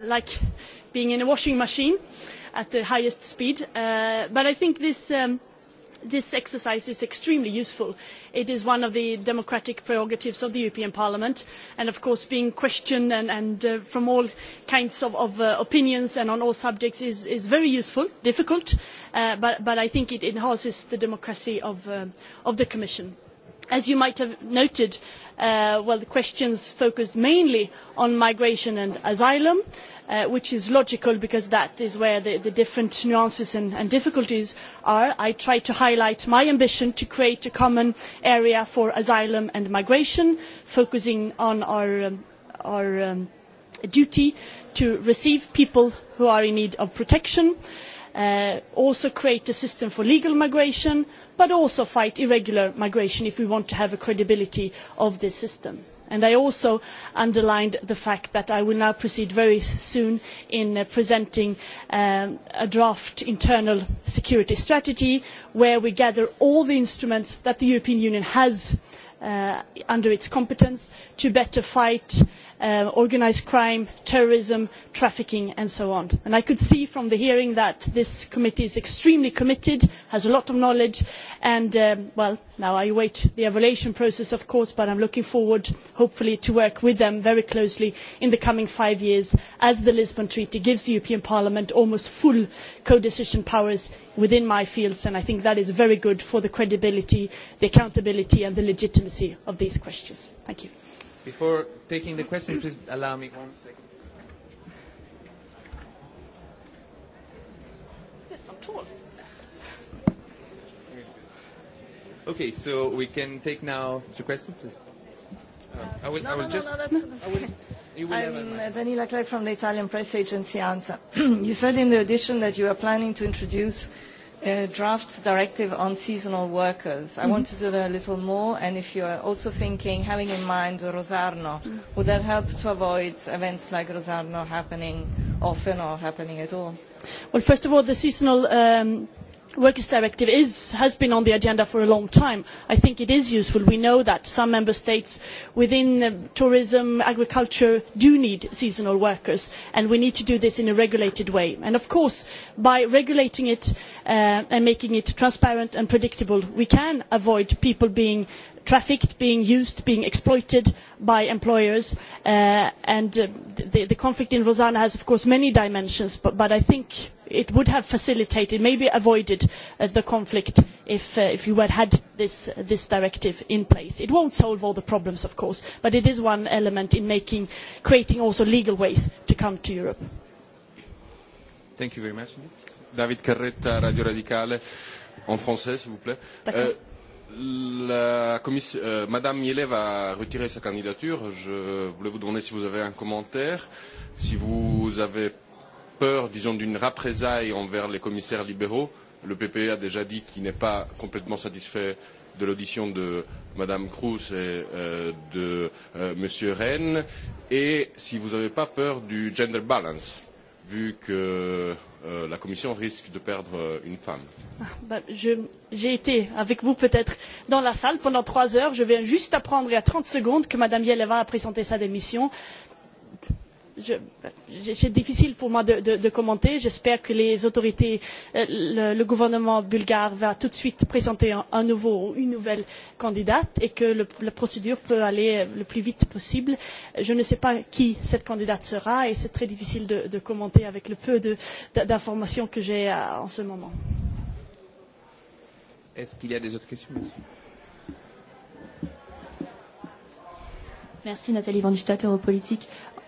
like being in a washing machine at the highest speed. Uh, but I think this, um, this exercise is extremely useful. It is one of the democratic prerogatives of the European Parliament, and of course being questioned and, and uh, from all kinds of, of uh, opinions and on all subjects is, is very useful, difficult, uh, but, but I think it enhances the democracy of, uh, of the Commission. As you might have noted, uh, uh, well, the questions focused mainly on migration and asylum, uh, which is logical because that is where the, the different nuances and, and difficulties are. I tried to highlight my ambition to create a common area for asylum and migration, focusing on our, um, our um, duty to receive people who are in need of protection. Uh, uh, also create a system for legal migration but also fight irregular migration if we want to have credibility of this system. And i also underlined the fact that i will now proceed very soon in uh, presenting um, a draft internal security strategy where we gather all the instruments that the european union has uh, uh, under its competence to better fight uh, organised crime, terrorism, trafficking and so on. And I could see from the hearing that this committee is extremely committed, has a lot of knowledge and, um, well, now I await the evaluation process of course, but I'm looking forward hopefully to work with them very closely in the coming five years as the Lisbon Treaty gives the European Parliament almost full co-decision powers within my fields and I think that is very good for the credibility, the accountability and the legitimacy policy of these questions. Thank you. Before taking the question, please allow me one second. Yes, I'm tall. Yes. Okay, so we can take now the question, please. Uh, I will, no, I will no, just... No, no, that's, that's I will, I'm uh, Daniela Clerc from the Italian press agency ANSA. you said in the audition that you are planning to introduce uh, draft directive on seasonal workers. Mm-hmm. I want mm-hmm. to do a little more, and if you are also thinking, having in mind Rosarno, mm-hmm. would that help to avoid events like Rosarno happening often or happening at all? Well, first of all, the seasonal um, workers directive is, has been on the agenda for a long time. i think it is useful. we know that some member states within uh, tourism and agriculture do need seasonal workers and we need to do this in a regulated way. And of course by regulating it uh, and making it transparent and predictable we can avoid people being trafficked, being used, being exploited by employers. Uh, and uh, the, the conflict in Rosanna has, of course, many dimensions, but, but I think it would have facilitated, maybe avoided uh, the conflict if, uh, if you had had this, uh, this directive in place. It won't solve all the problems, of course, but it is one element in making, creating also legal ways to come to Europe. Thank you very much. David Carretta, Radio Radicale, en français, s'il vous plaît. D'accord. Euh, La commission, euh, Madame Miele va retirer sa candidature. Je voulais vous demander si vous avez un commentaire, si vous avez peur, disons, d'une représaille envers les commissaires libéraux. Le PPE a déjà dit qu'il n'est pas complètement satisfait de l'audition de Madame Cruz et euh, de euh, Monsieur Rennes, et si vous n'avez pas peur du gender balance, vu que euh, la Commission risque de perdre euh, une femme. Ah, J'ai été avec vous peut-être dans la salle pendant trois heures. Je viens juste apprendre il y a 30 secondes que Mme Yeleva a présenté sa démission c'est difficile pour moi de, de, de commenter. J'espère que les autorités, euh, le, le gouvernement bulgare va tout de suite présenter un, un nouveau ou une nouvelle candidate et que le, la procédure peut aller euh, le plus vite possible. Je ne sais pas qui cette candidate sera et c'est très difficile de, de commenter avec le peu d'informations que j'ai euh, en ce moment. Est-ce qu'il y a des autres questions, monsieur Merci Nathalie Vandistat, Europolitique.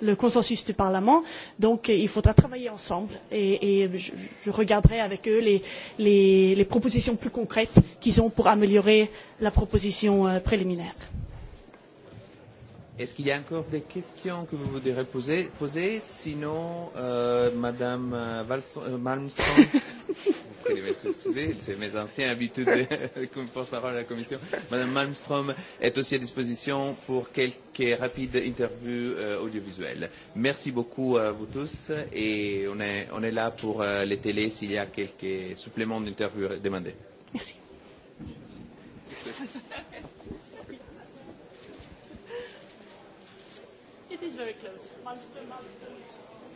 le consensus du Parlement. Donc, euh, il faudra travailler ensemble et, et je, je regarderai avec eux les, les, les propositions plus concrètes qu'ils ont pour améliorer la proposition euh, préliminaire. Est-ce qu'il y a encore des questions que vous voudrez poser, poser Sinon, euh, Madame Wallström. Euh, vous pouvez m'excuser, c'est mes anciennes habitudes comme porte-parole de la Commission. Madame Malmström est aussi à disposition pour quelques rapides interviews euh, audiovisuelles. Merci beaucoup à vous tous et on est, on est là pour euh, les télés s'il y a quelques suppléments d'interviews demandés. Merci. It is very close. Malmström, Malmström.